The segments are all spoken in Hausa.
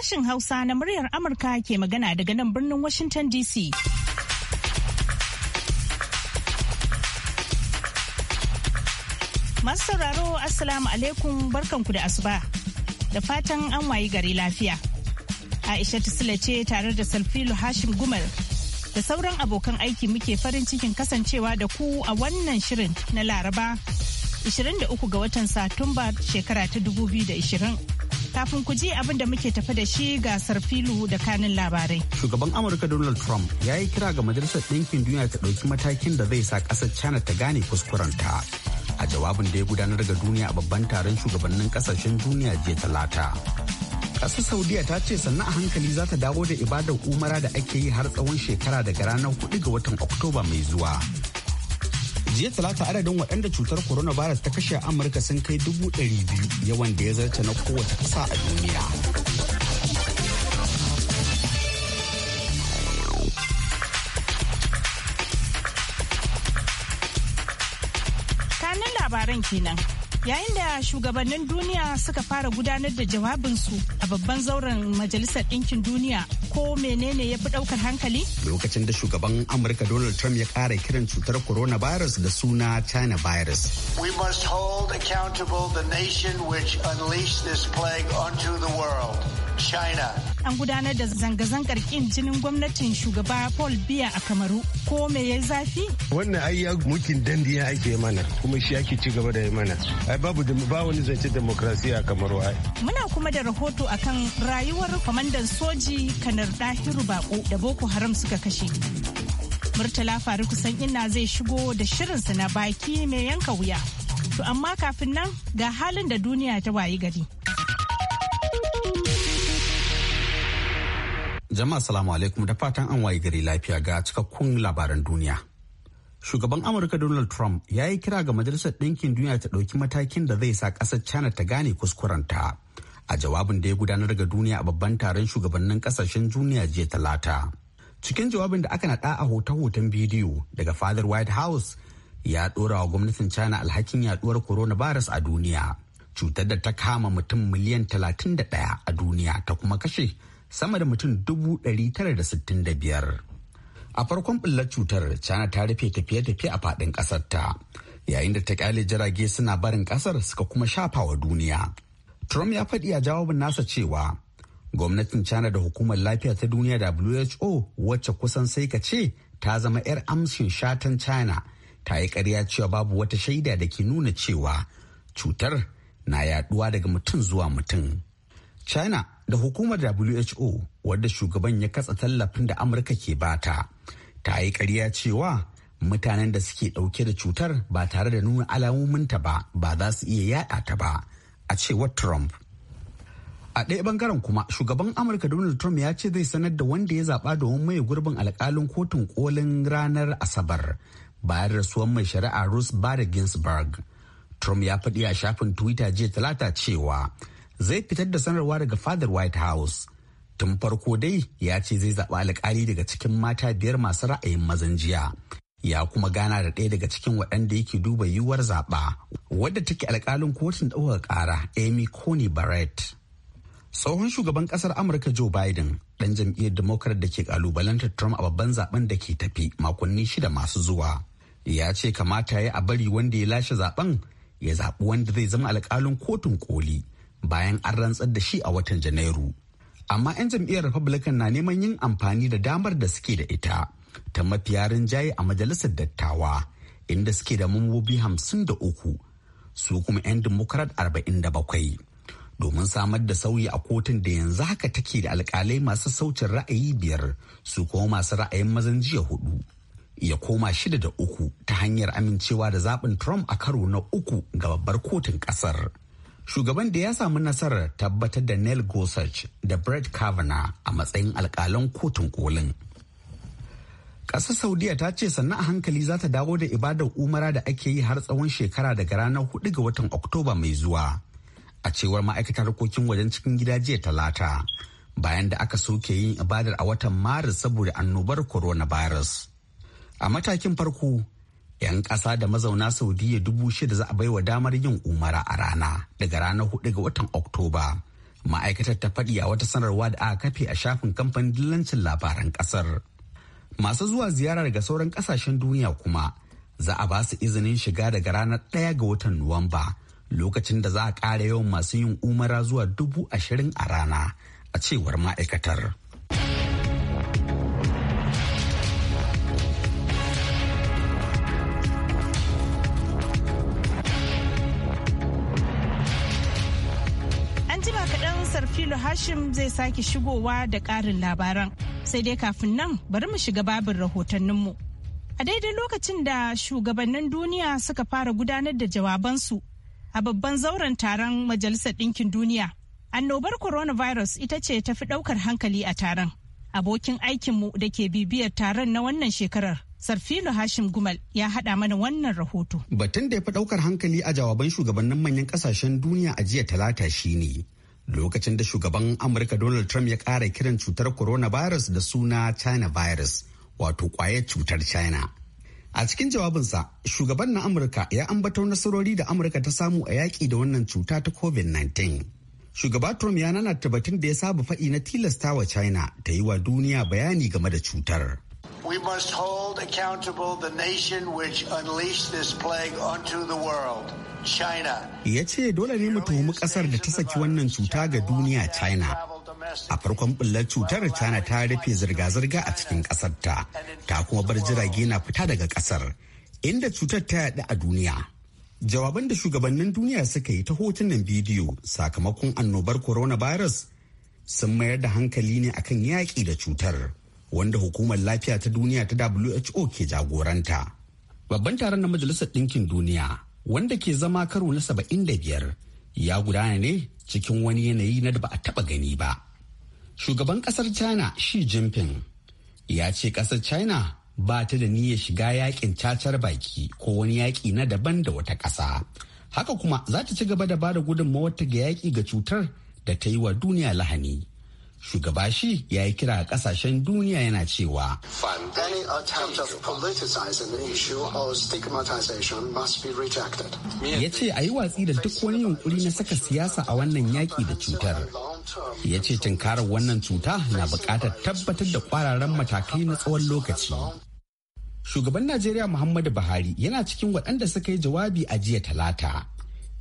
Sashin Hausa na muryar Amurka ke magana daga nan birnin Washington DC. Masu sauraro Assalamu alaikum barkanku da asuba. Da fatan an wayi gari lafiya. Aisha Sule ce tare da Salfilu Hashim gumar da sauran abokan aiki muke farin cikin kasancewa da ku a wannan shirin na Laraba 23 ga watan Satumba shekara ta 2020. kafin ku ji abin da muke tafi da shi gasar filu da kanin labarai. Shugaban Amurka Donald Trump ya yi kira ga Majalisar Ɗinkin Duniya ta ɗauki matakin da zai sa ƙasar China ta gane kuskurenta. A jawabin da ya gudanar ga duniya a babban taron shugabannin ƙasashen duniya jiya talata. Ƙasar Saudiya ta ce sannan a hankali za ta dawo da ibadar umara da ake yi har tsawon shekara daga ranar 4 ga watan Oktoba mai zuwa. jiya talata adadin waɗanda cutar Corona coronavirus ta kashe amurka sun kai dubu ɗari biyu yawan da ya zarce na kowace ƙasa a duniya kanin labaran kenan yayin da shugabannin duniya suka fara gudanar da jawabinsu a babban zauren majalisar ɗinkin duniya ko menene ya fi ɗaukar hankali lokacin da shugaban amurka donald trump ya ƙara kiran cutar coronavirus da suna china virus we must hold accountable the nation which unleashed this plague onto the world China. An gudanar da zanga-zangar kin jinin gwamnatin shugaba Paul Biya a Kamaru. Ko me ya zafi? Wannan ai ya mukin ya ake mana kuma shi ake ci gaba da mana. Ai babu ba wani zance demokrasiya a Kamaru ai. Muna kuma da rahoto akan rayuwar kwamandan soji Kanar Dahiru Bako da Boko Haram suka kashe. Murtala farukusan san ina zai shigo da shirinsa na baki mai yanka wuya. To amma kafin nan ga halin da duniya ta wayi gari. Jama'a salamu alaikum da fatan an waye gari lafiya ga cikakkun labaran duniya. Shugaban Amurka Donald Trump ya yi kira ga Majalisar Ɗinkin Duniya ta ɗauki matakin da zai sa ƙasar China ta gane kuskurenta. A jawabin da ya gudanar ga duniya a babban taron shugabannin ƙasashen duniya jiya talata. Cikin jawabin da aka naɗa a hoton bidiyo daga fadar White House ya ɗora wa gwamnatin China alhakin yaɗuwar coronavirus a duniya. Cutar da ta kama mutum miliyan talatin da 31 a duniya ta kuma kashe sama da mutum dubu tara da sittin da biyar. a farkon bullar cutar china ta rufe tafiye-tafiye a faɗin ƙasar ta yayin da ta kyale jirage suna barin ƙasar suka kuma shafa wa duniya trump ya faɗi a jawabin nasa cewa gwamnatin china da hukumar lafiya ta duniya who wacce kusan sai ka ce ta zama 'yar amshin shatan china ta yi karya cewa babu wata shaida da ke nuna cewa cutar na yaduwa daga mutum zuwa mutum china da hukumar WHO wadda shugaban ya katsa tallafin da Amurka ke bata. Ta yi ƙarya cewa mutanen da suke ɗauke da cutar ba tare da nuna alamominta ba ba za su iya yaɗa ta ba a cewar Trump. A ɗaya bangaren kuma shugaban Amurka Donald Trump ya ce zai sanar da wanda ya zaɓa domin maye gurbin alkalin kotun kolin ranar Asabar bayan rasuwan mai shari'a Ruth Bader Ginsburg. Trump ya faɗi a shafin Twitter jiya talata cewa zai fitar da sanarwa daga fadar white house tun farko dai ya ce zai zaɓi alkali daga cikin mata biyar masu ra'ayin mazan jiya ya kuma gana da ɗaya daga cikin waɗanda yake duba yiwuwar zaɓa wadda take alkalin kotun ɗaukar ƙara amy coney barrett tsohon shugaban ƙasar amurka joe biden ɗan jam'iyyar democrat da ke ƙalubalantar trump a babban zaɓen da ke tafi makonni shida masu zuwa ya ce kamata ya a bari wanda ya lashe zaɓen, ya zaɓi wanda zai zama alkalin kotun koli bayan an rantsar da shi a watan Janairu. Amma 'yan jam'iyyar Republican na neman yin amfani da damar da suke da ita ta mafiya rinjaye a majalisar dattawa inda suke da mambobi hamsin da uku su kuma 'yan Democrat arba'in da bakwai. domin samar da sauyi a kotun da yanzu haka take da alkalai masu saucin ra'ayi biyar su kuma masu ra'ayin mazan jiya hudu. ya koma shida da uku ta hanyar amincewa da zaɓin Trump a karo na uku ga babbar kotun ƙasar. shugaban da ya samu nasarar tabbatar da neil gorsuch da brett kavanaugh a matsayin alkalan kotun kolin ƙasar saudiya ta ce sannan a hankali za ta dawo da ibadar umara da ake yi har tsawon shekara daga ranar 4 ga watan oktoba mai zuwa a cewar ma'aikatar harkokin wajen cikin gida jiya talata bayan da aka soke yin ibadar a watan maris saboda annobar coronavirus a matakin farko 'yan ƙasa da mazauna saudiya dubu shida za a bai wa damar yin umara a rana daga ranar hudu ga watan oktoba ma'aikatar ta faɗi a wata sanarwa da aka kafe a shafin kamfanin dillancin labaran ƙasar masu zuwa ziyara daga sauran ƙasashen duniya kuma za a ba izinin shiga daga ranar ɗaya ga watan nuwamba lokacin da za a ƙara yawan masu yin umara zuwa dubu ashirin a rana a cewar ma'aikatar kaɗan sarfilo hashim zai sake shigowa da ƙarin labaran sai dai kafin nan bari mu shiga babin rahotanninmu a daidai lokacin da shugabannin duniya suka fara gudanar da jawabansu a babban zauren taron majalisar ɗinkin duniya annobar coronavirus ita ce ta fi ɗaukar hankali a taron abokin aikinmu da ke bibiyar taron na wannan shekarar Sarfilo Hashim Gumal ya haɗa mana wannan rahoto. Batun da ya fi ɗaukar hankali a jawaban shugabannin manyan ƙasashen duniya a jiya talata shine lokacin da shugaban amurka donald trump ya kara kiran cutar coronavirus da suna china virus wato kwayar cutar china a cikin jawabinsa shugaban na amurka ya ambato nasarori da amurka ta samu a yaƙi da wannan cuta ta covid-19 shugaba trump ya ta batun da ya saba faɗi na tilastawa china ta yi wa duniya bayani game da cutar We must hold accountable the nation which unleashed this plague onto the world. China. Ya ce dole ne mu tuhumi kasar da ta saki wannan cuta ga duniya China. A farkon bullar cutar China ta rufe zirga-zirga a cikin kasar ta, ta kuma bar jirage na fita daga kasar, inda cutar ta yaɗu a duniya. Jawaban da shugabannin duniya suka yi ta hotunan bidiyo sakamakon annobar coronavirus sun mayar da hankali ne akan yaƙi da cutar. wanda hukumar lafiya ta duniya ta WHO ke jagoranta. Babban taron na Majalisar Ɗinkin Duniya wanda ke zama karo na saba'in da biyar ya gudana ne cikin wani yanayi na da ba a taɓa gani ba. Shugaban ƙasar China Xi Jinping ya ce ƙasar China ba ta da niyyar shiga yakin cacar baki ko wani yaƙi na daban da wata ƙasa. Haka kuma za ta ci gaba da ba da ta ga yaƙi ga cutar da ta yi wa duniya lahani. shugaba shi ya yi kira a kasashen duniya yana cewa ya ce a yi watsi da duk wani yunkuri na saka siyasa a wannan yaƙi da cutar ya ce tunkarar wannan cuta na buƙatar tabbatar da kwararan matakai na tsawon lokaci shugaban najeriya muhammadu buhari yana cikin waɗanda suka yi jawabi a jiya talata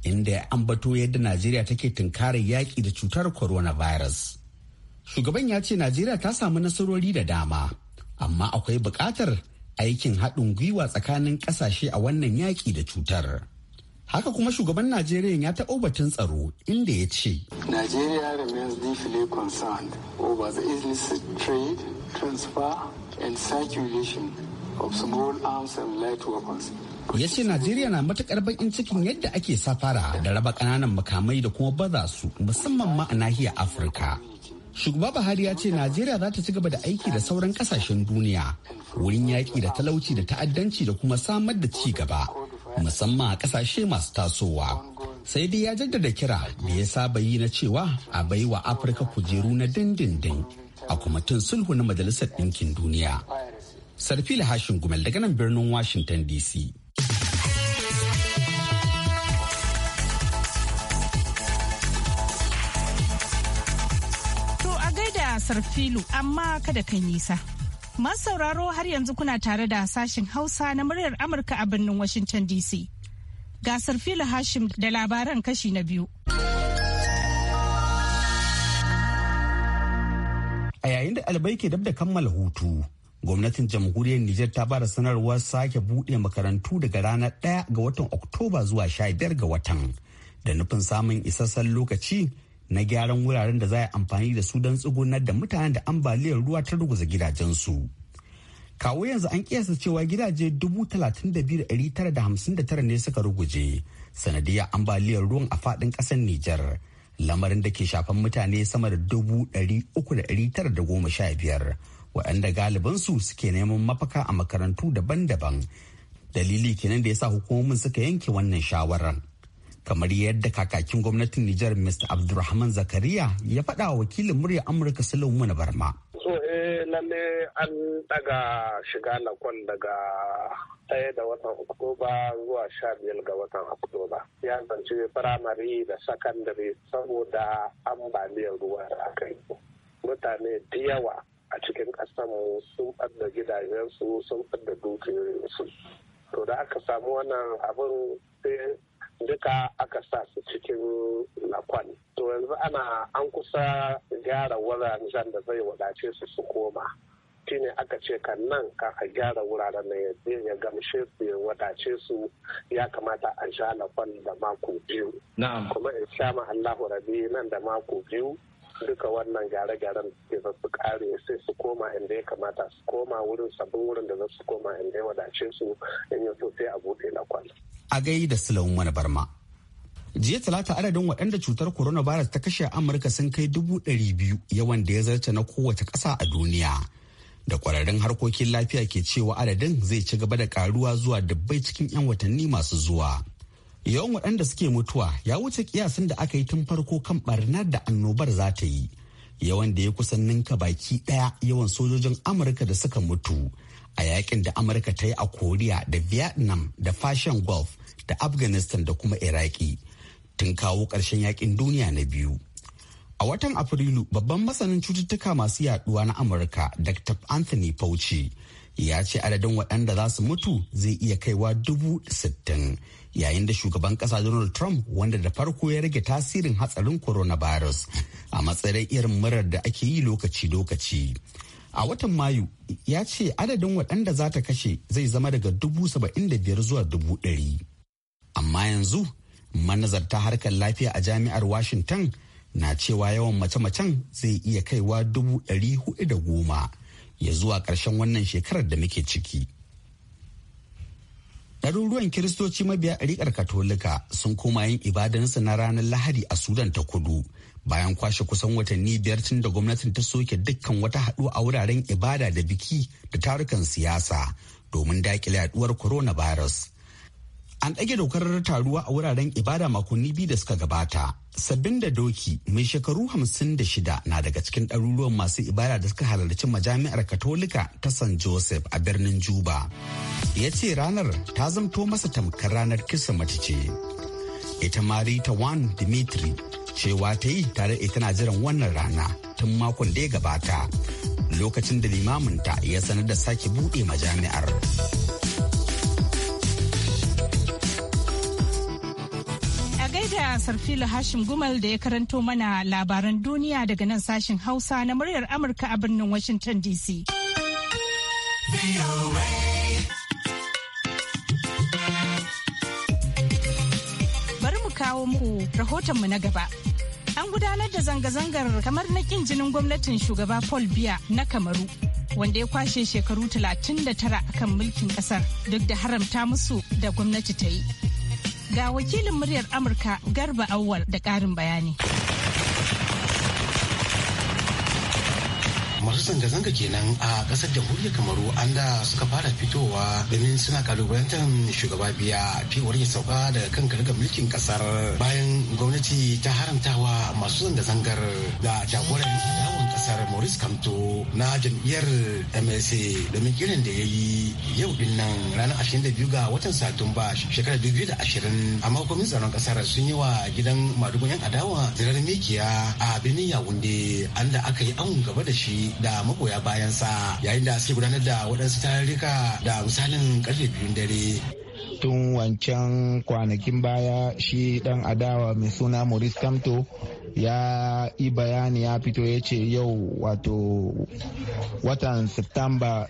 inda ya ambato yadda najeriya take tunkarar yaƙi da cutar coronavirus. Shugaban ya ce Najeriya ta samu nasarori da dama, amma akwai bukatar aikin haɗin gwiwa tsakanin ƙasashe a wannan yaƙi da cutar. Haka kuma shugaban Najeriya ya taɓa batun tsaro inda ya ce. Nigeria remains Ya ce Najeriya na matuƙar bakin cikin yadda ake safara da raba ƙananan makamai da kuma baza su musamman ma a nahiyar Afirka. Shugaba Buhari ya ce Najeriya za ta ci gaba da aiki da sauran kasashen duniya wurin yaƙi da talauci da ta'addanci da kuma samar da ci gaba musamman a kasashe masu tasowa. Sai dai ya jaddada kira da ya saba yi na cewa a bai wa Afirka kujeru na dindindin a kwamitin sulhu na Majalisar Ɗinkin Duniya. Sarfila Hashin Gumel daga nan birnin Washington DC. filu amma kada kai nisa. Masu sauraro har yanzu kuna tare da sashen Hausa na muryar Amurka a birnin Washington DC. gasar filu Hashim da labaran kashi na biyu. A yayin da albai ke dab da kammala hutu, gwamnatin jamhuriyar Nijar ta bada sanarwar sake bude makarantu daga ranar 1 ga watan Oktoba zuwa 15 ga watan. Da nufin samun isassan lokaci na gyaran wuraren da za a amfani da su don tsugunar da mutanen da ambaliyar ruwa ta ruguza gidajensu. Kawo yanzu an kiyasta cewa gidaje 32,959 ne suka ruguje sanadiyar ambaliyar ruwan a faɗin ƙasar Nijar. Lamarin da ke shafan mutane sama da 3,915 waɗanda galibinsu suke neman mafaka a makarantu daban-daban. Dalili kenan da ya sa hukumomin suka yanke wannan shawarar. kamar yadda kakakin gwamnatin Nijar Mr. Abdulrahman Zakariya ya faɗa wa wakilin murya Amurka muna Barma. So eh lalle an daga shiga lakon daga ɗaya da watan Oktoba zuwa sha biyar ga watan Oktoba. Ya zance firamare da sakandare saboda ambaliyar ruwa da aka yi. Mutane da yawa a cikin ƙasarmu sun ɓadda gidajensu sun ɓadda dukiyoyinsu. To da aka samu wannan abin sai duka aka sa su cikin lakon to yanzu ana an kusa gyara wuraren da zai wadace su su koma shine aka ce kan nan a gyara wuraren na ya gamshe su ya wadace su ya kamata a sha lafan da mako biyu. Kuma in sha Allahu rabi nan da mako biyu duka wannan gyare-gyaren da za su kare sai su koma inda ya kamata su koma wurin sabbin wurin da za su koma inda ya wadace su in yaso sai a bude na kwana. A gai da Sulaiman Wani Barma. Jiya talata adadin waɗanda cutar coronavirus ta kashe Amurka sun kai dubu ɗari biyu yawan da ya zarce na kowace ƙasa a duniya. Da ƙwararrun harkokin lafiya ke cewa adadin zai ci gaba da karuwa zuwa dubbai cikin 'yan watanni masu zuwa. yawan waɗanda suke mutuwa ya wuce kiyasin da aka yi tun farko kan barnar da annobar za ta yi yawan da ya kusan ninka baki ɗaya yawan sojojin amurka da suka mutu a yakin da amurka ta yi a koriya da vietnam da fashion gulf da afghanistan da kuma iraki tun kawo ƙarshen yakin duniya na biyu a watan afrilu babban masanin cututtuka masu yaduwa na amurka dr anthony fauci ya ce adadin waɗanda za su mutu zai iya kaiwa dubu sittin yayin da shugaban kasa donald trump wanda da farko ya rage tasirin hatsarin coronavirus a matsayin irin murar da ake yi lokaci-lokaci a watan mayu ya ce adadin waɗanda za ta kashe zai zama daga dubu saba'in da biyar zuwa dubu ɗari amma yanzu manazarta harkar lafiya a jami'ar washington na cewa yawan mace-macen zai iya kaiwa dubu ɗari hudu da goma ya zuwa ƙarshen wannan shekarar da muke ciki. ɗaruruwan kiristoci mabiya a ɗariƙar katolika sun koma yin ibadansu na ranar lahadi a sudan ta kudu bayan kwashe kusan watanni biyar tun da gwamnatin ta soke dukkan wata haɗu a wuraren ibada da biki da tarukan siyasa domin daƙile yaduwar coronavirus An ɗage dokar taruwa a wuraren ibada makonni biyu da suka gabata. Sabbin da doki mai shekaru hamsin da shida na daga cikin ɗaruruwan masu ibada da suka halarci majami'ar Katolika ta San Joseph a birnin Juba. Ya ce ranar ta zamto masa tamkar ranar Kirsimeti ce. Ita Marita Wan Dimitri cewa ta yi tare ita na jiran wannan rana tun makon da ya gabata lokacin da limaminta ya sanar da sake buɗe majami'ar. gaida sarfila Hashim Gumal da ya karanto mana labaran duniya daga nan sashen Hausa na muryar Amurka a birnin Washington DC. Bari mu kawo muku rahotonmu na gaba. An gudanar da zanga-zangar kamar na kin jinin gwamnatin shugaba Paul Biya na Kamaru. wanda ya kwashe shekaru 39 kan mulkin kasar duk da haramta musu da gwamnati ta yi. Ga wakilin muryar Amurka Garba Awwal da ƙarin bayani. masu zanga-zanga kenan a kasar jamhuriyar kamaru an da suka fara fitowa domin suna kalubalantar shugaba biya cewar ya sauka daga kan kargar mulkin kasar bayan gwamnati ta haramtawa masu zanga-zangar da jagoran yawon kasar maurice kamto na jam'iyyar msa domin kiran da ya yi yau din nan ranar 22 ga watan satumba shekarar 2020 a gwamnatin tsaron kasar sun yi wa gidan madugun yan adawa zirar mikiya a birnin yawunde an da aka yi an gaba da shi da magoya bayansa yayin da suke gudanar da waɗansu tarurruka da misalin karfe biyun dare tun wancan kwanakin baya shi dan adawa mai suna maurice kamto ya yi bayani ya fito ya ce yau wato watan september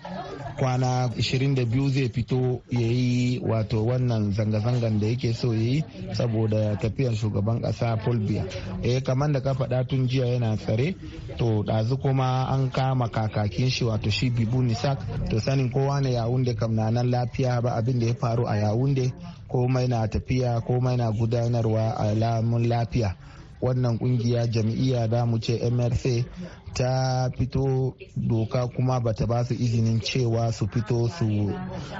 kwana 22 zai fito ya yi wato wannan zanga-zangan da yake so ya yi saboda tafiyar shugaban kasa fulbiya eh kamar da ka faɗa tun jiya yana tsare to ɗazu kuma an kama kakakin shi wato shi bibu nisak to sanin kowa ne yawun da kam na nan lafiya ba abin da ya faru a yawun yawunde komai na tafiya komai na gudanarwa a lamun lafiya wannan kungiya jam'iyya da mu ce mrc ta fito doka kuma bata ba su izinin cewa su fito su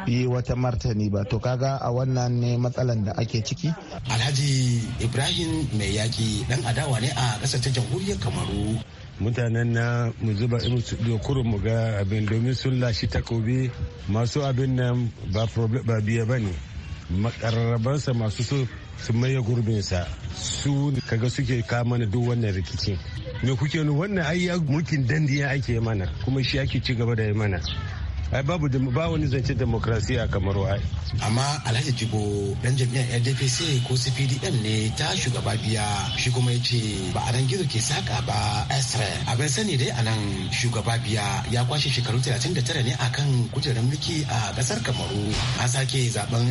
yi wata martani ba to kaga a wannan ne matsalan da ake ciki alhaji ibrahim mai yaki dan adawa ne a kasar ta jamhuriyar kamaru mutanen na mu zuba su dokurin mu ga abin domin sun lashi takobi masu abin nan ba biya ba ne makarrabansa masu so su maye gurbinsa su kaga suke mana duk wannan rikicin me kuke wannan ayyar mulkin dandiya ake mana kuma shi ake ci gaba da yi mana ai babu ba wani zance demokrasiya kamar wai amma alhaji jibo dan jami'ar ldpc ko cpdm ne ta shugaba biya shi kuma ya ce ba a dan gizo ke saka ba israel abin sani dai a nan shugaba biya ya kwashe shekaru 39 ne akan kujerar mulki a kasar kamaru a sake zaben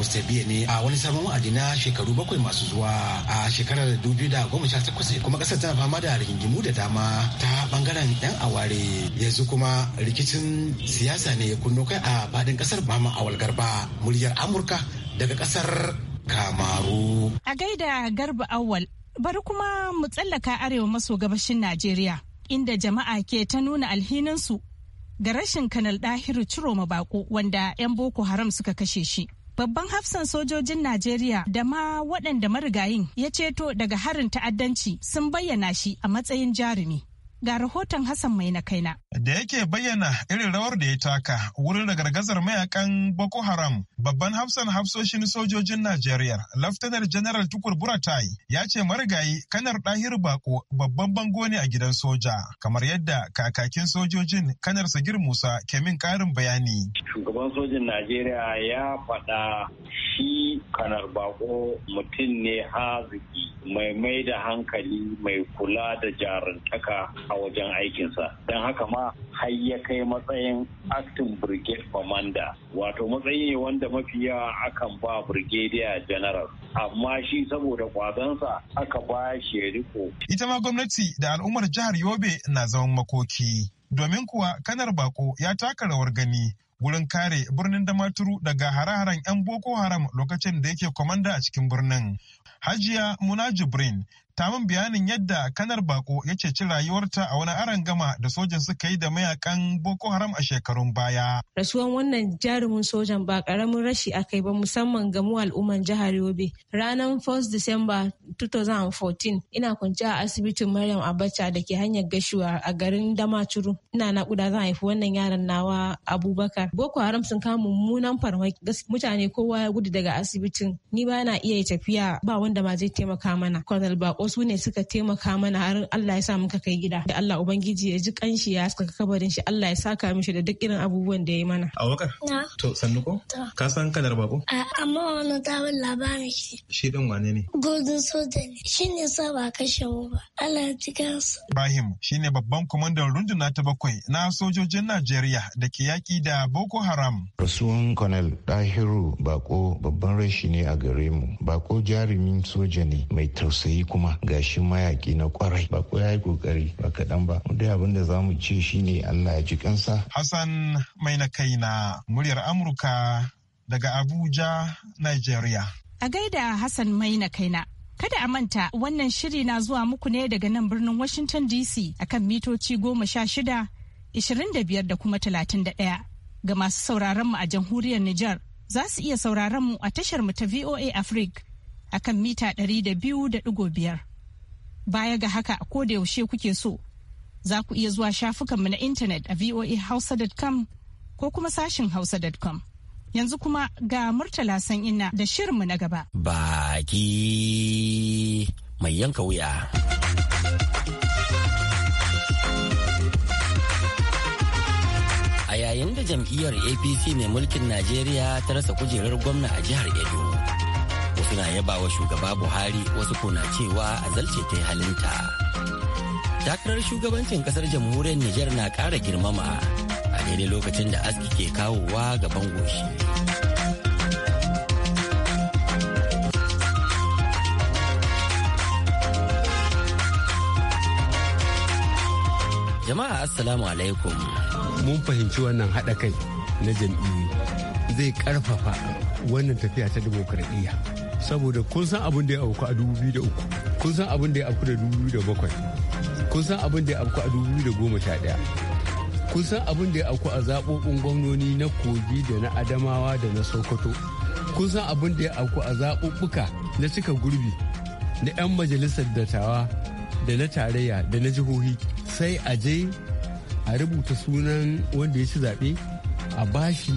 musabiya ne a wani sabon wa'adi na shekaru bakwai masu zuwa a shekarar 2018 kuma kasar tana fama da rigingimu da dama ta bangaren yan aware yanzu kuma rikicin siyasa siyasa ne ya kunno kai a fadin kasar ba ma awal garba muryar amurka daga kasar kamaru a gaida garba awal bari kuma mu tsallaka arewa maso gabashin najeriya inda jama'a ke ta nuna alhininsu ga rashin kanal dahiru ciroma bako wanda 'yan boko haram suka kashe shi babban hafsan sojojin Najeriya da ma waɗanda marigayin ya ceto daga harin ta'addanci sun bayyana shi a matsayin jarumi. Ga rahoton Hassan mai na kaina. da yake bayyana irin rawar da ya taka wurin ragargazar mayakan Boko Haram babban hafsan hafsoshin sojojin Najeriya Laftanar Janaral Tukur Buratai ya ce marigayi kanar ɗahir bako babban bango ne a gidan soja kamar yadda kakakin sojojin kanar Sagir Musa ke min ƙarin bayani. Shugaban sojin Najeriya ya faɗa shi kanar bako mutum ne haziki mai mai da hankali mai kula da jarantaka a wajen aikinsa don haka ma dama har ya kai matsayin acting brigade commander wato matsayi ne wanda mafi yawa akan ba brigadier general amma shi saboda kwazansa aka ba shi ya riko. ita ma gwamnati da al'ummar jihar yobe na zaman makoki domin kuwa kanar bako ya taka rawar gani wurin kare birnin damaturu daga hare-haren 'yan boko haram lokacin da yake kwamanda a cikin birnin hajiya muna jibrin ta min bayanin yadda kanar bako ya ceci rayuwarta a wani aron gama da sojan suka yi da mayakan boko haram a shekarun baya rasuwan wannan jarumin sojan ba karamin rashi a kai ba musamman ga mu al'umman jihar yobe ranar 1 disamba 2014 ina kwanci a asibitin maryam abacha da ke hanyar gashuwa a garin damaturu ina nakuda zan haifi wannan yaron nawa abubakar boko haram sun kama mummunan farmaki mutane kowa ya gudu daga asibitin ni ba na iya tafiya ba wanda ma zai taimaka mana colonel bako wasu su ne suka taimaka mana har Allah ya sa muka kai gida da Allah ubangiji ya ji kanshi ya saka kabarin shi Allah ya saka mishi da duk irin abubuwan da ya yi mana Abubakar to sanduko ka san kanar bako amma wannan tawon labarin shi shi dan wane ne golden soja ne ne sa ba kashe mu ba Allah ya ji kansu. Ibrahim shine babban kwamandan runduna ta bakwai na sojojin Najeriya da ke yaki da Boko Haram rasuwan Colonel Dahiru Bako babban rashi ne a gare mu Bako jarumin soja ne mai tausayi kuma Gashin mayaki na kwarai ba ko ya kokari ba kaɗan ba mu dai abin da za mu ce shine Allah ya ji kansa. Hassan mai na kaina muryar Amurka daga Abuja, Nigeria. A gaida Hassan mai na kaina. Kada a manta wannan shiri na zuwa muku ne daga nan birnin Washington DC akan mitoci goma sha shida, ishirin da biyar da kuma talatin da ɗaya. Ga masu sauraron mu a jamhuriyar Nijar za su iya sauraron mu a tashar mu ta VOA Africa akan mita ɗari da biyu da ɗigo biyar. Baya ga haka ko da yaushe kuke so za ku iya zuwa shafukanmu na intanet a voahausa.com ko kuma sashin hausa.com. Yanzu kuma ga Murtala san ina da shirinmu na gaba. Baki mai yanka wuya. A yayin da jam'iyyar APC mai mulkin Najeriya ta rasa kujerar gwamna a jihar Edo. suna yaba wa shugaba buhari wasu kona cewa a zalce ta halinta takarar shugabancin kasar jamhuriyar nijar na kara girmama a daidai lokacin da aski ke kawowa gaban goshi jama'a assalamu alaikum mun fahimci wannan haɗa kai na jam'iyyu zai ƙarfafa wannan tafiya ta dimokuraɗiyya saboda kun san abin da ya auku a 2003 kun san abin da ya auku da 2007 kun san abin da ya auku a 2011 kun san abin da ya auku a zaɓoɓin gwamnoni na kogi da na adamawa da na sokoto kun san abin da ya auku a zaɓuɓɓuka na cika gurbi na 'yan majalisar dattawa da na tarayya da na jihohi sai a je a rubuta sunan wanda ya ci zaɓe a bashi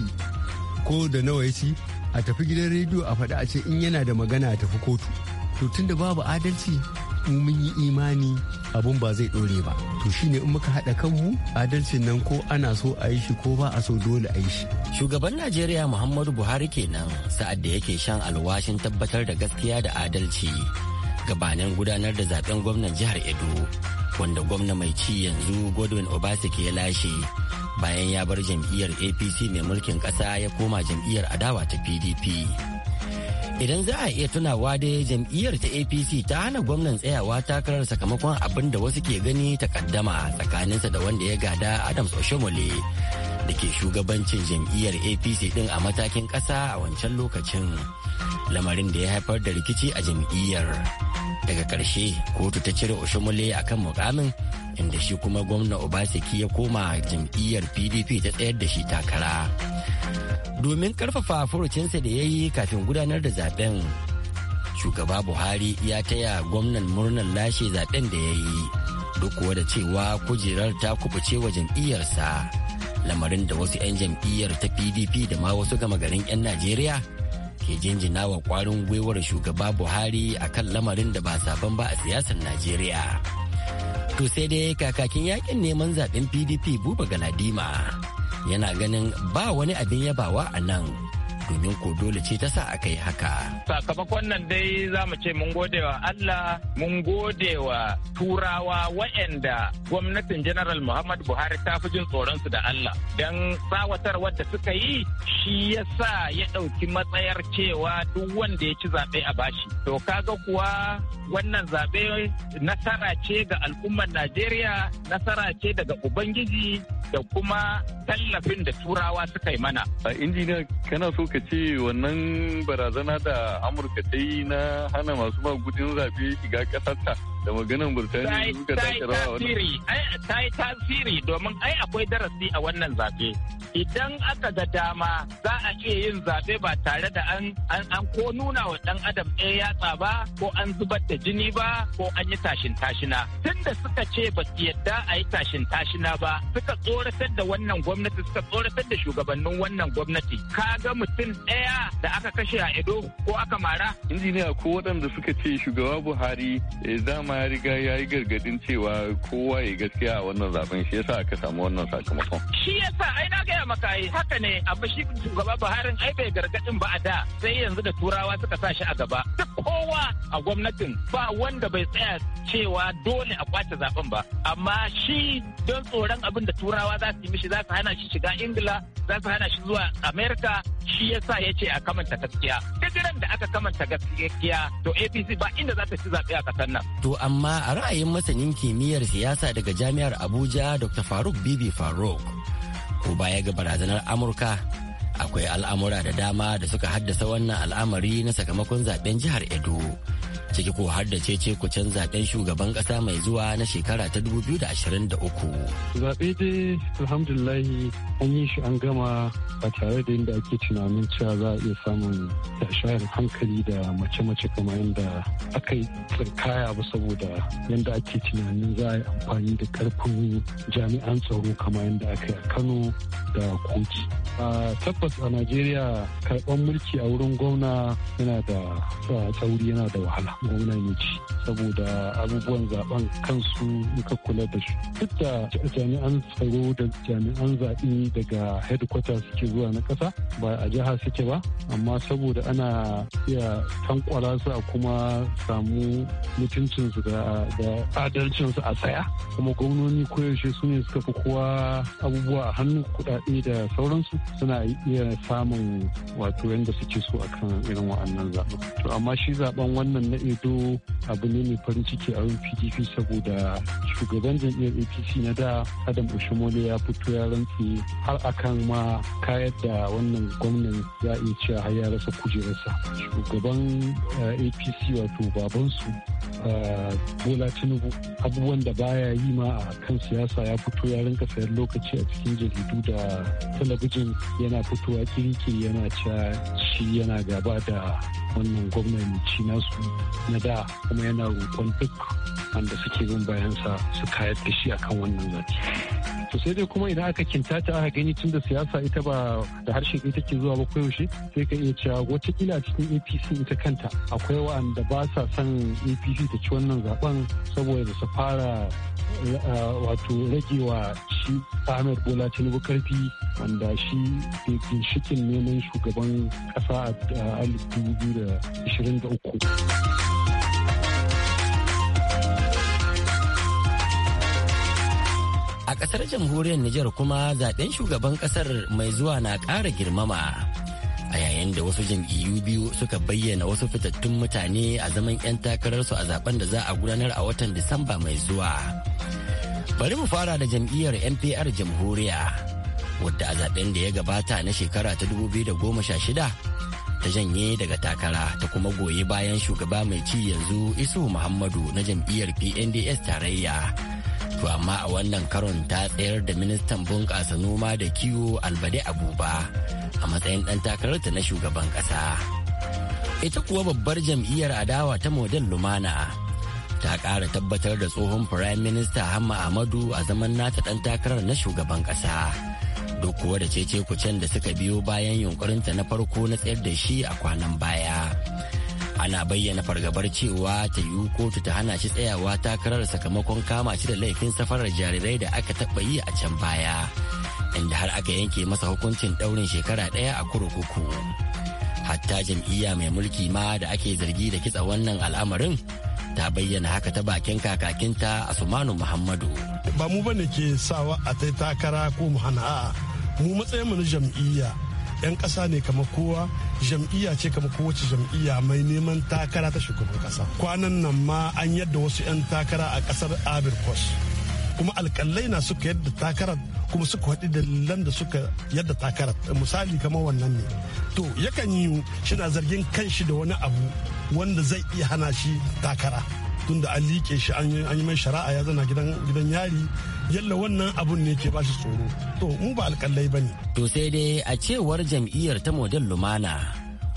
ko da nawa ya ci a tafi gidan rediyo a faɗi a ce in yana da magana a tafi kotu to tunda babu adalci mu mun yi imani abun ba zai ɗore ba to shine in muka haɗa kanmu adalcin nan ko ana so a yi shi ko ba a so dole a yi shi shugaban najeriya muhammadu buhari kenan sa'ad da yake shan alwashin tabbatar da gaskiya da adalci gabanin gudanar da zaben gwamnan jihar edo wanda gwamna mai ci yanzu godwin obaseki ya lashe bayan ya bar jam'iyyar apc mai mulkin ƙasa ya koma jam'iyyar adawa ta pdp idan za a iya tunawa dai jam'iyyar ta apc ta hana gwamnan tsayawa takarar sakamakon abin da wasu ke gani ta kaddama tsakaninsa da wanda ya gada adams oshomole da ke shugabancin jam'iyyar apc din a matakin ƙasa a wancan lokacin lamarin da ya haifar da rikici a jam'iyyar daga ƙarshe kotu ta cire oshomole a kan mukamin inda shi kuma gwamna obaseki ya koma jam'iyyar pdp ta tsayar da shi takara domin karfafa furucinsa da ya yi kafin gudanar da zaben shugaba buhari ya taya gwamnan murnar lashe zaben da ya yi duk kuwa da cewa kujerar ta kubuce wa jam'iyyarsa lamarin da wasu 'yan jam'iyyar ta pdp da ma wasu gama garin 'yan najeriya ke jinjina wa kwarin gwiwar shugaba buhari a kan lamarin da ba sabon ba a siyasar najeriya to sai dai kakakin yakin neman zaben pdp buba galadima yana ganin ba wani abin yabawa a nan domin ko dole ce ta sa aka yi haka. Sakamakon nan dai za mu ce mun gode wa Allah, mun gode wa turawa wa'anda gwamnatin General Muhammad Buhari ta fi jin tsoron su da Allah. Don tsawatar wadda suka yi shi ya sa ya ɗauki matsayar cewa duk wanda ya ci zaɓe a bashi. To kaga kuwa wannan zaɓe nasara ce ga al'ummar Najeriya, nasara ce daga Ubangiji da kuma tallafin da turawa suka yi mana. Injiniya kana so suka ce wannan barazana da amurka ta yi na hana masu magudin zafi shiga ƙasarta da maganin burtaniya suka take rawa wannan ta yi tasiri domin ai akwai darasi a wannan zaɓe idan aka ga dama za a iya yin zaɓe ba tare da an an ko nuna wa ɗan adam ɗaya eh yatsa ba ko an zubar da jini ba ko an yi tashin tashina tunda suka ce ba su yadda a yi tashin tashina ba suka tsoratar da wannan gwamnati suka tsoratar da shugabannin wannan gwamnati ka ga mutum ɗaya da aka kashe a ido ko aka mara injiniya ko waɗanda suka ce shugaba buhari eh, zama. dama ya riga ya yi gargadin cewa kowa ya gaskiya a wannan zaben shi yasa aka samu wannan sakamakon shi yasa ai na gaya maka ai haka ne amma shi shugaba Buharin ai bai gargadin ba a da sai yanzu da turawa suka sa shi a gaba duk kowa a gwamnatin ba wanda bai tsaya cewa dole a kwace zaben ba amma shi don tsoron abin da turawa za su yi mishi za su hana shi shiga Ingila za su hana shi zuwa Amerika shi yasa ya ce a kamanta gaskiya duk da aka kamanta gaskiya to APC ba inda za ta ci zaɓe a ƙasar nan. To amma a ra'ayin masanin kimiyyar siyasa daga jami'ar Abuja Dr. Faruk Bibi Faruk ko baya ga barazanar amurka akwai al'amura da dama da suka haddasa wannan al'amari na sakamakon zaben jihar edo ciki ko har da cece canza zaben shugaban kasa mai zuwa na shekara ta 2023 zaɓe dai alhamdulillahi an yi shi an gama ba tare da yadda ake tunanin cewa za a iya samun tashayar hankali da mace-mace kamar yadda aka yi tsirkaya ba saboda yadda ake tunanin za a yi amfani da karfin jami'an tsaro kamar yadda aka yi a kano da kogi tabbas a najeriya karɓar mulki a wurin gwamna yana da tsauri yana da wahala gwamna ne ci saboda abubuwan zaben kansu muka kula da shi duk da jami'an tsaro da jami'an zaɓe daga headquarters suke zuwa na ƙasa ba a jiha suke ba amma saboda ana iya tankwara su a kuma samu mutuncinsu da adalcinsu a tsaya kuma gwamnoni koyaushe su ne suka fi kowa abubuwa a hannu kuɗaɗe da sauransu suna iya samun wato yadda suke so a kan irin wa'annan zaɓen. To amma shi zaɓen wannan na Edo abu ne mai farin ciki a wurin PDP saboda shugaban jam'iyyar APC na da Adam Oshimole ya fito ya rantse har akan ma kayar da wannan gwamnan za a iya cewa har ya rasa kujerarsa. Shugaban eh, APC wato babansu eh, Bola Tinubu abubuwan da baya yi ma a kan siyasa ya fito ya rinka sayar lokaci a cikin jaridu da talabijin yana fito mutuwa kirki yana cewa shi yana gaba da wannan gwamnati nasu na da kuma yana roƙon duk wanda suke bin bayansa su kayar da shi akan wannan zaki to sai dai kuma idan aka kinta ta aka gani tunda siyasa ita ba da harshen ita ke zuwa ba koyaushe sai ka iya cewa watakila cikin apc ita kanta akwai wa'anda ba sa son apc ta ci wannan zaben saboda su fara eh, wato ragewa shi ahmed bola tinubu karfi wanda shi ginshikin neman shugaban ƙasa a 2023. A ƙasar jamhuriyar Nijar kuma zaben shugaban ƙasar mai zuwa na ƙara girmama. A yayin da wasu jam'iyyu biyu suka bayyana wasu fitattun mutane a zaman 'yan takararsu a zaben da za a gudanar a watan Disamba mai zuwa. Bari mu fara da jam'iyyar NPR jamhuriya. wadda a zaben da ya gabata na shekara ta 2016 ta janye daga takara ta kuma goyi bayan shugaba mai ci yanzu isu muhammadu na jam'iyyar pnds tarayya to amma a wannan karon ta tsayar da ministan bunƙasa noma da kiwo albade abuba a matsayin ɗan takararta na shugaban ƙasa ita kuwa babbar jam'iyyar adawa ta model lumana ta ƙara tabbatar da tsohon firayim minista hamma amadu a zaman nata ɗan takarar na shugaban ƙasa. duk kuwa da cece kucen da suka biyo bayan yunkurinta na farko na tsayar da shi a kwanan baya ana bayyana fargabar cewa ta yi kotu ta hana shi tsayawa takarar sakamakon kama shi da laifin safarar jarirai da aka taɓa yi a can baya inda har aka yanke masa hukuncin ɗaurin shekara ɗaya a kurkuku hatta jam'iyya mai mulki ma da ake zargi da kitsa wannan al'amarin ta bayyana haka ta bakin kakakinta asumanu muhammadu ba mu bane ke sawa a takara ko mu hana mu matsayin mu na jam'iyya 'yan ƙasa ne kama kowa jam'iyya ce kama kowace jam'iyya mai neman takara ta shugaban ƙasa kwanan nan ma an yadda wasu 'yan takara a ƙasar abirkos kuma alƙalai na suka yadda takarar kuma suka haɗi dalilan da suka yadda takarar misali kama wannan ne to yakan yi shi na zargin kanshi da wani abu wanda zai iya hana shi takara tunda an liƙe shi an yi mai shari'a ya zana gidan yari yalla wannan abun ne ke bashi tsoro to mu ba alƙalai ba ne. to sai dai a cewar jam'iyyar ta model lumana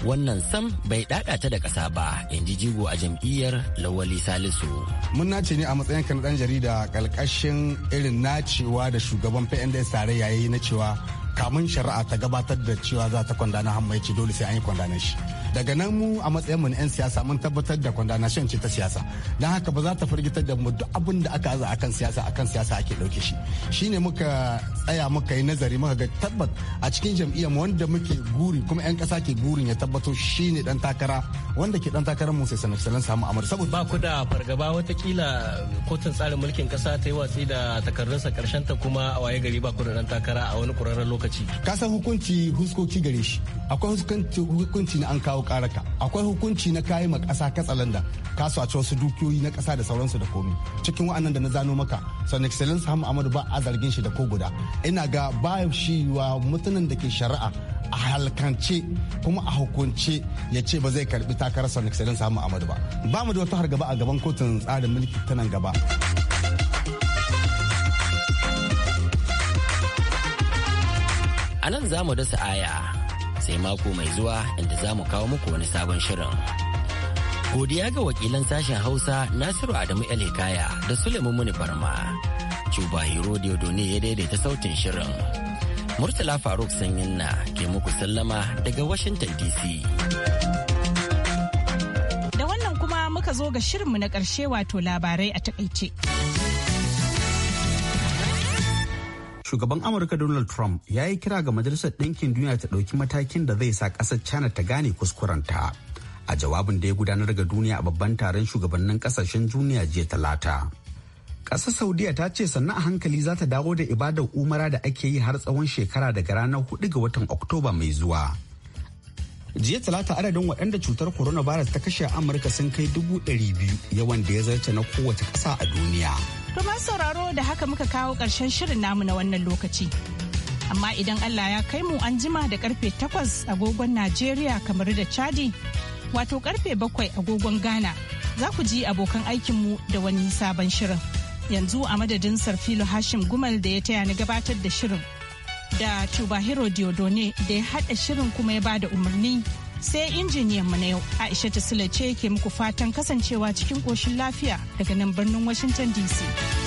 wannan sam bai ta da ƙasa ba in ji jigo a jam'iyyar lawali salisu mun nace ne a matsayin kan dan jarida karkashin irin nacewa da shugaban pnds tare yayi na cewa kamun shari'a ta gabatar da cewa za ta kwandana hamma ya dole sai an yi kwandanan shi daga nan mu a matsayin mu na 'yan siyasa mun tabbatar da condemnation ce ta siyasa don haka ba za ta firgitar da mu duk abin da aka aza akan siyasa akan siyasa ake ɗauke shi shine muka tsaya muka yi nazari muka ga tabbat a cikin jam'iyyar mu wanda muke guri kuma 'yan ƙasa ke gurin ya tabbato shine dan takara wanda ke dan takarar mu sai sanar salan samu amur saboda ba ku da fargaba watakila kotun tsarin mulkin ƙasa ta yi watsi da takardunsa karshen ta kuma a waye gari ba ku da dan takara a wani ƙurarren lokaci ka san hukunci huskoki gare shi akwai hukunci na an kawo karaka akwai hukunci na kayi ma ƙasa katsalanda kasuwace wasu dukiyoyi na ƙasa da sauransu da komi cikin wa'annan da na zano maka son excellence hamu amadu ba a zargin shi da ko guda ina ga ba shi wa mutumin da ke shari'a a halkance kuma a hukunce ya ce ba zai karbi takarar son excellence hamu amadu ba ba mu da wata hargaba a gaban kotun tsarin mulki ta nan gaba a nan za mu dasa aya sai mako mai zuwa inda za mu kawo muku wani sabon shirin. Godiya ga wakilan sashen Hausa Nasiru Adamu Elikaya da Suleiman Muni Barma. Cuba Hero ne ya daidaita sautin shirin. Murtala Faruk Sanyin na ke muku sallama daga Washington DC. Da wannan kuma muka zo ga shirinmu na ƙarshe wato labarai a takaice. shugaban amurka donald trump ya yi kira ga majalisar ɗinkin duniya ta ɗauki matakin da zai sa ƙasar china ta gane kuskurenta a jawabin da ya gudanar ga duniya a babban taron shugabannin ƙasashen duniya jiya talata ƙasar saudiya ta ce sannan a hankali za ta dawo da ibadar umara da ake yi har tsawon shekara daga ranar hudu ga watan oktoba mai zuwa jiya talata adadin waɗanda cutar coronavirus ta kashe amurka sun kai dubu ɗari biyu yawan da ya zarce na kowace ƙasa a duniya ma sauraro da haka muka kawo ƙarshen shirin namu na wannan lokaci. Amma idan Allah ya kai mu an jima da karfe takwas agogon Najeriya kamar da Chadi, wato karfe bakwai agogon Ghana za ku ji abokan aikinmu da wani sabon shirin. Yanzu a madadin Sarfilo Hashim Gumal da ya taya ni gabatar da shirin. Da Tubahiro Diodone da ya haɗa shirin kuma ya bada umarni. sai injiniyan mu na yau aisha ta ce ke muku fatan kasancewa cikin koshin lafiya daga nan birnin washington dc